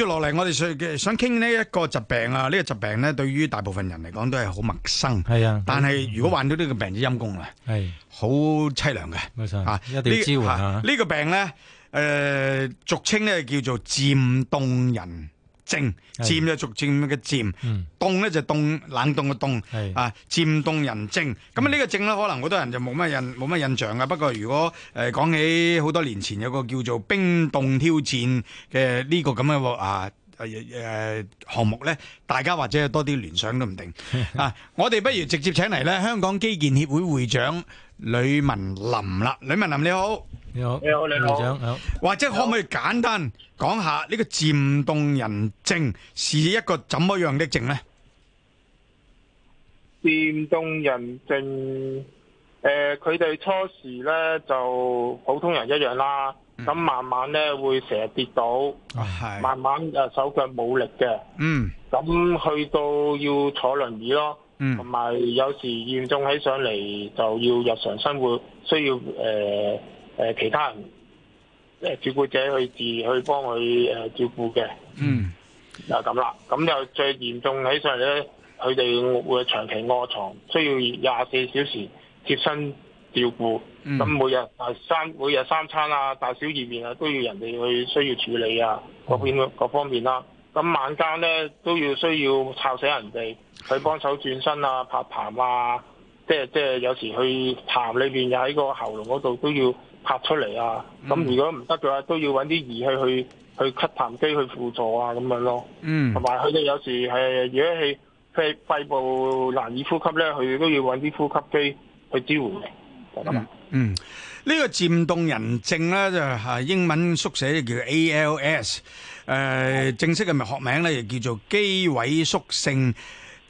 接落嚟，我哋想想傾呢一個疾病啊，呢、這個疾病咧，對於大部分人嚟講都係好陌生。係啊，但係如果患咗呢個病就很，就陰公啦，係好淒涼嘅。冇錯、啊啊，一定要支援下呢、啊這個病咧，誒、呃，俗稱咧叫做漸凍人。靜漸，逐漸嘅漸，凍呢就凍，冷凍嘅凍啊，漸凍人症，咁呢個症咧，可能好多人就冇乜印冇乜印象啊。不過如果誒講，呃、起好多年前有個叫做冰凍挑戰嘅，這個啊啊啊啊，呢個咁嘅啊誒項目呢，大家或者多啲聯想都唔定 啊。我哋不如直接請嚟，呢香港肌健協會會長呂文林啦，呂文林你好。你好，你好，你好，你好，或者可唔可以簡單講下呢個漸凍人症是一個怎麼樣的症呢？漸凍人症，誒、呃，佢哋初時咧就普通人一樣啦，咁、嗯、慢慢咧會成日跌倒，係、嗯，慢慢誒手腳冇力嘅，嗯，咁去到要坐輪椅咯，同、嗯、埋有，有時嚴重起上嚟就要日常生活需要誒。呃誒其他人誒照顧者去自去幫佢、呃、照顧嘅，嗯、mm.，就咁啦。咁又最嚴重起上嚟咧，佢哋會長期臥床，需要廿四小時貼身照顧。咁、mm. 每日啊三每日三餐啊大小便啊都要人哋去需要處理啊，嗰嗰各方面啦、啊。咁晚間咧都要需要摷醒人哋去幫手轉身啊、拍痰啊，即係即有時去痰裏邊，又喺個喉嚨嗰度都要。拍出嚟啊！咁如果唔得嘅話，都要揾啲儀器去去，去吸痰機去輔助啊，咁樣咯。嗯，同埋佢哋有時係如果係肺肺部難以呼吸咧，佢哋都要揾啲呼吸機去支援。得啦。嗯，呢、嗯呢個漸凍人症咧就係英文縮寫叫 A.L.S、呃。誒、嗯，正式嘅學名咧，就叫做肌萎縮性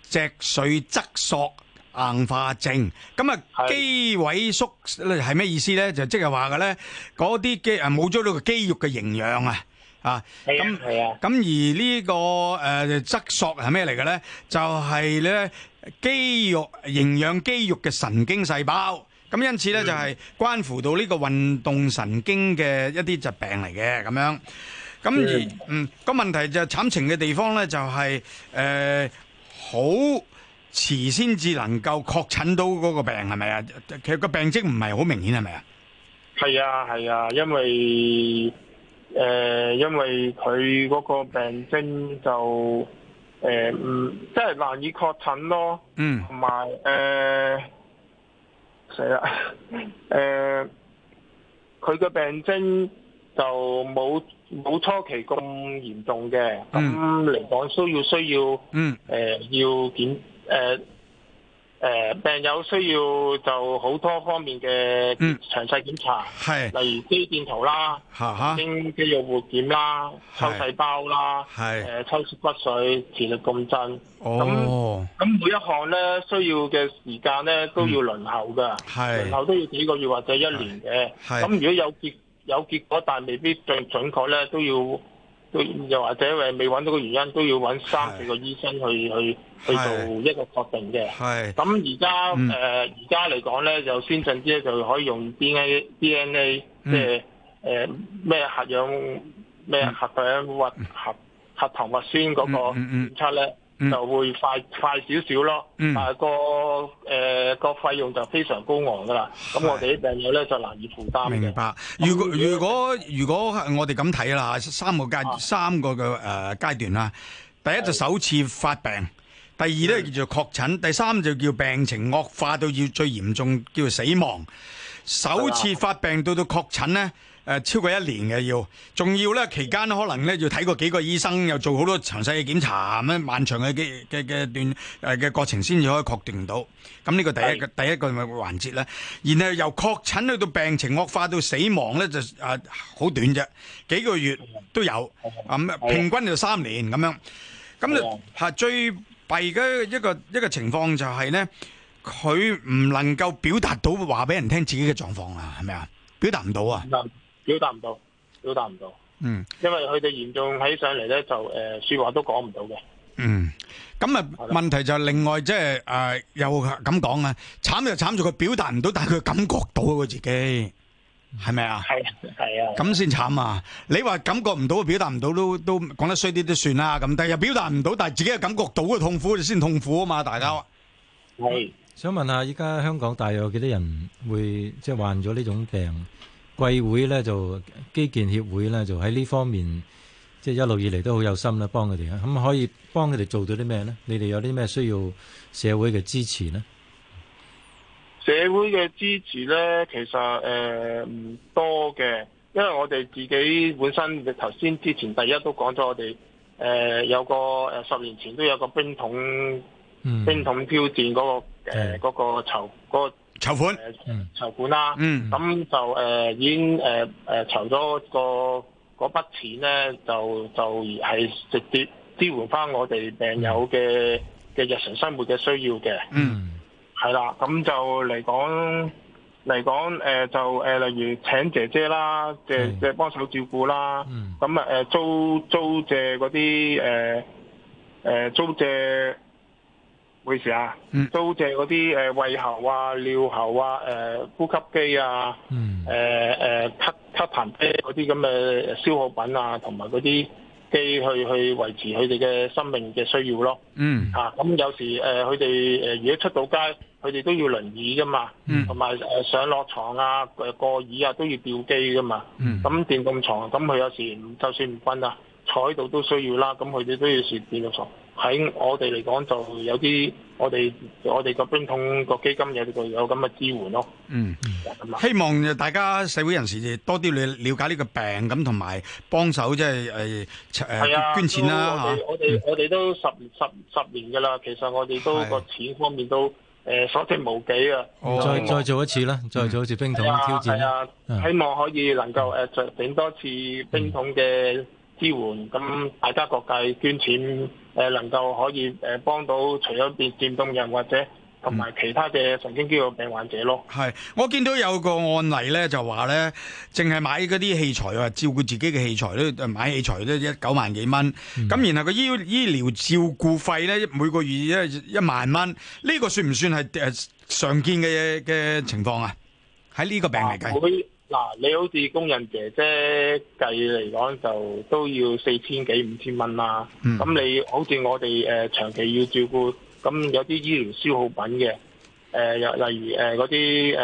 脊髓側索硬化症咁啊，肌萎縮係咩意思咧？就即係話嘅咧，嗰啲肌啊冇咗呢個肌肉嘅營養啊，啊咁係啊，咁而、這個呃、質素呢個誒側索係咩嚟嘅咧？就係、是、咧肌肉營養肌肉嘅神經細胞，咁因此咧就係、是、關乎到呢個運動神經嘅一啲疾病嚟嘅咁樣，咁而、啊、嗯個問題就慘、是、情嘅地方咧就係誒好。呃遲先至能夠確診到嗰個病係咪啊？其實個病徵唔係好明顯係咪啊？係啊係啊，因為誒、呃、因為佢嗰個病徵就誒即係難以確診咯。嗯，同埋誒死啦誒，佢嘅、呃、病徵就冇冇初期咁嚴重嘅。嗯，咁嚟講需要需要嗯誒、呃、要檢。誒、呃、誒、呃，病友需要就好多方面嘅詳細檢查，嗯，例如肌電圖啦，吓經肌肉活檢啦，抽細胞啦，係誒抽血、呃、骨髓、磁、呃、磁力共振。咁、哦、咁每一項咧需要嘅時間咧都要輪候噶，係、嗯、輪候都要幾個月或者一年嘅。咁如果有結有結果，但未必最準確咧，都要。又或者未揾到個原因，都要揾三四個醫生去去去做一個確定嘅。咁而家誒，而家嚟講咧，就先進啲咧，就可以用 D N D N A，即係咩核氧咩核，核，核，核糖核核核糖核酸嗰個檢測咧。嗯嗯嗯嗯、就會快快少少咯，嗯係、啊、個誒、呃、個費用就非常高昂噶啦，咁我哋啲病友咧就難以負擔嘅。明白？如果如果如果我哋咁睇啦，三個階、啊、三個嘅誒、呃、階段啦，第一就首次發病，第二咧叫做確診，第三就叫病情惡化到要最嚴重，叫做死亡。首次發病到到確診咧，誒超過一年嘅要，仲要咧期間可能咧要睇過幾個醫生，又做好多詳細嘅檢查，咁漫長嘅嘅嘅段誒嘅過程先至可以確定到。咁呢個第一個第一個環節咧，然後由確診去到病情惡化到死亡咧就誒好短啫，幾個月都有，平均就三年咁樣。咁最弊嘅一個一個情況就係咧。佢唔能夠表達到話俾人聽自己嘅狀況啊，係咪啊？表達唔到啊！表達唔到，表達唔到。嗯，因為佢哋嚴重起上嚟咧，就誒、呃、說話都講唔到嘅。嗯，咁啊，問題就另外即係誒又咁講啊，慘就慘住佢表達唔到，但係佢感覺到啊，佢自己係咪啊？係係啊，咁先慘啊！你話感覺唔到，表達唔到都都講得衰啲都算啦。咁但係又表達唔到，但係自己嘅感覺到嘅痛苦，先痛苦啊嘛！大家係。想問下，依家香港大約有幾多人會即係患咗呢種病？貴會咧就基建協會咧就喺呢方面即係一路以嚟都好有心啦，幫佢哋。咁可以幫佢哋做到啲咩咧？你哋有啲咩需要社會嘅支持呢？社會嘅支持咧，其實呃，唔多嘅，因為我哋自己本身頭先之前第一都講咗，我哋，呃，有個，呃，十年前都有個冰桶冰桶挑戰嗰個。嗯。誒，嗰、嗰個籌、嗰個籌款，誒、呃，籌款啦，咁、嗯、就誒、呃、已經誒誒籌咗個嗰筆錢咧，就就係直接支援翻我哋病友嘅嘅、嗯、日常生活嘅需要嘅，嗯，係啦，咁就嚟講嚟講誒就誒、呃、例如請姐姐啦，借借幫手照顧啦，咁啊誒租租借嗰啲誒誒租借。冇事啊，都借嗰啲誒胃喉啊、尿喉啊、呃、呼吸機啊、誒、嗯、誒、呃呃、吸吸痰機嗰啲咁嘅消耗品啊，同埋嗰啲機去去維持佢哋嘅生命嘅需要咯。嗯咁、啊、有時佢哋誒如果出到街，佢哋都要輪椅噶嘛，同、嗯、埋上落床啊、誒過椅啊都要吊機噶嘛。咁、嗯、電動床，咁佢有時就算唔瞓啊，坐喺度都需要啦。咁佢哋都要設電動床。喺我哋嚟講，就有啲我哋我哋個冰桶個基金有個有咁嘅支援咯。嗯，咁啊，希望大家社會人士多啲了了解呢個病咁，同埋幫手，即係誒誒捐錢啦嚇。我哋我哋我哋都十十十年噶啦，其實我哋都個錢方面都誒所剩無幾啊。再再做一次啦，再做一次冰桶挑戰。係啊，希望可以能夠誒再整多次冰桶嘅支援，咁大家各界捐錢。誒，能夠可以誒幫到除咗漸漸凍人或者同埋其他嘅神經肌肉病患者咯。係，我見到有個案例咧，就話咧，淨係買嗰啲器材，照顧自己嘅器材咧，買器材都一九萬幾蚊。咁、嗯、然後個醫醫療照顧費咧，每個月一一萬蚊。呢、呢個算唔算係誒常見嘅嘅情況啊？喺呢個病嚟計。啊嗱，你好似工人姐姐計嚟講就都要四千幾五千蚊啦。咁你好似我哋、呃、長期要照顧，咁有啲醫療消耗品嘅、呃，例如嗰啲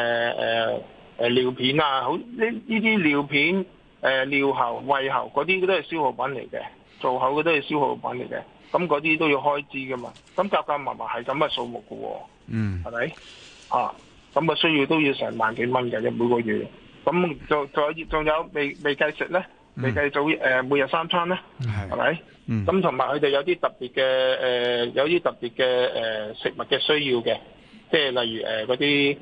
誒尿片啊，好呢呢啲尿片誒、呃、尿喉、胃喉嗰啲都係消耗品嚟嘅，造口嘅都係消耗品嚟嘅，咁嗰啲都要開支噶嘛。咁夾夾埋埋係咁嘅數目㗎喎、啊，嗯，係咪啊？咁、那、啊、個、需要都要成萬幾蚊嘅，每每個月。咁仲仲有仲有未未繼續咧？未繼續、嗯呃、每日三餐咧？係咪？咁同埋佢哋有啲特別嘅、呃、有啲特別嘅、呃、食物嘅需要嘅，即係例如嗰啲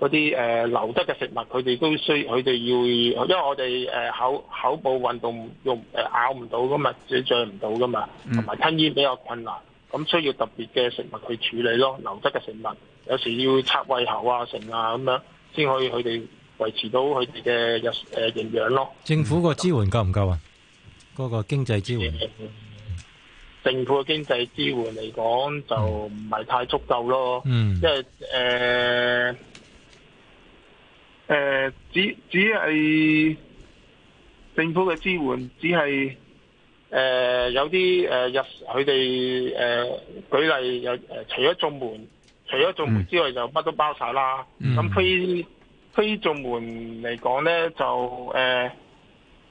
嗰啲流質嘅食物，佢哋都需佢哋要，因為我哋、呃、口口部運動用、呃、咬唔到㗎嘛，咀嚼唔到㗎嘛，同、嗯、埋吞咽比較困難，咁需要特別嘅食物去處理咯，流質嘅食物，有時要插胃喉啊、成啊咁樣先可以佢哋。維持到佢哋嘅日誒，營養咯。政府個支援夠唔夠啊？嗰、那個經濟支援，嗯、政府嘅經濟支援嚟講就唔係太足夠咯、嗯。因為誒誒、呃呃，只只係政府嘅支援，只係誒、呃、有啲誒日佢哋誒舉例有誒、呃、除咗做門，除咗做門之外就乜都包晒啦。咁、嗯、非非綜門嚟講咧，就誒、欸。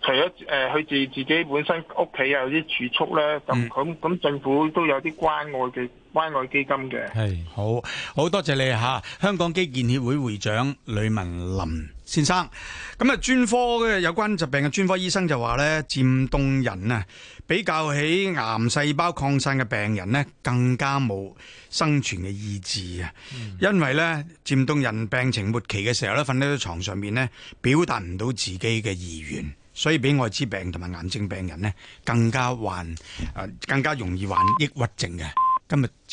除咗誒，佢、呃、自己自己本身屋企有啲儲蓄咧，咁咁咁，政府都有啲關愛嘅關愛基金嘅。係好好多謝你吓，香港肌健協會會長呂文林先生。咁啊，專科嘅有關疾病嘅專科醫生就話咧，漸凍人啊，比較起癌細胞擴散嘅病人呢，更加冇生存嘅意志啊、嗯，因為咧，漸凍人病情末期嘅時候咧，瞓喺床上面呢，表達唔到自己嘅意願。所以比愛滋病同埋癌症病人呢，更加患誒，更加容易患抑鬱症嘅。今日。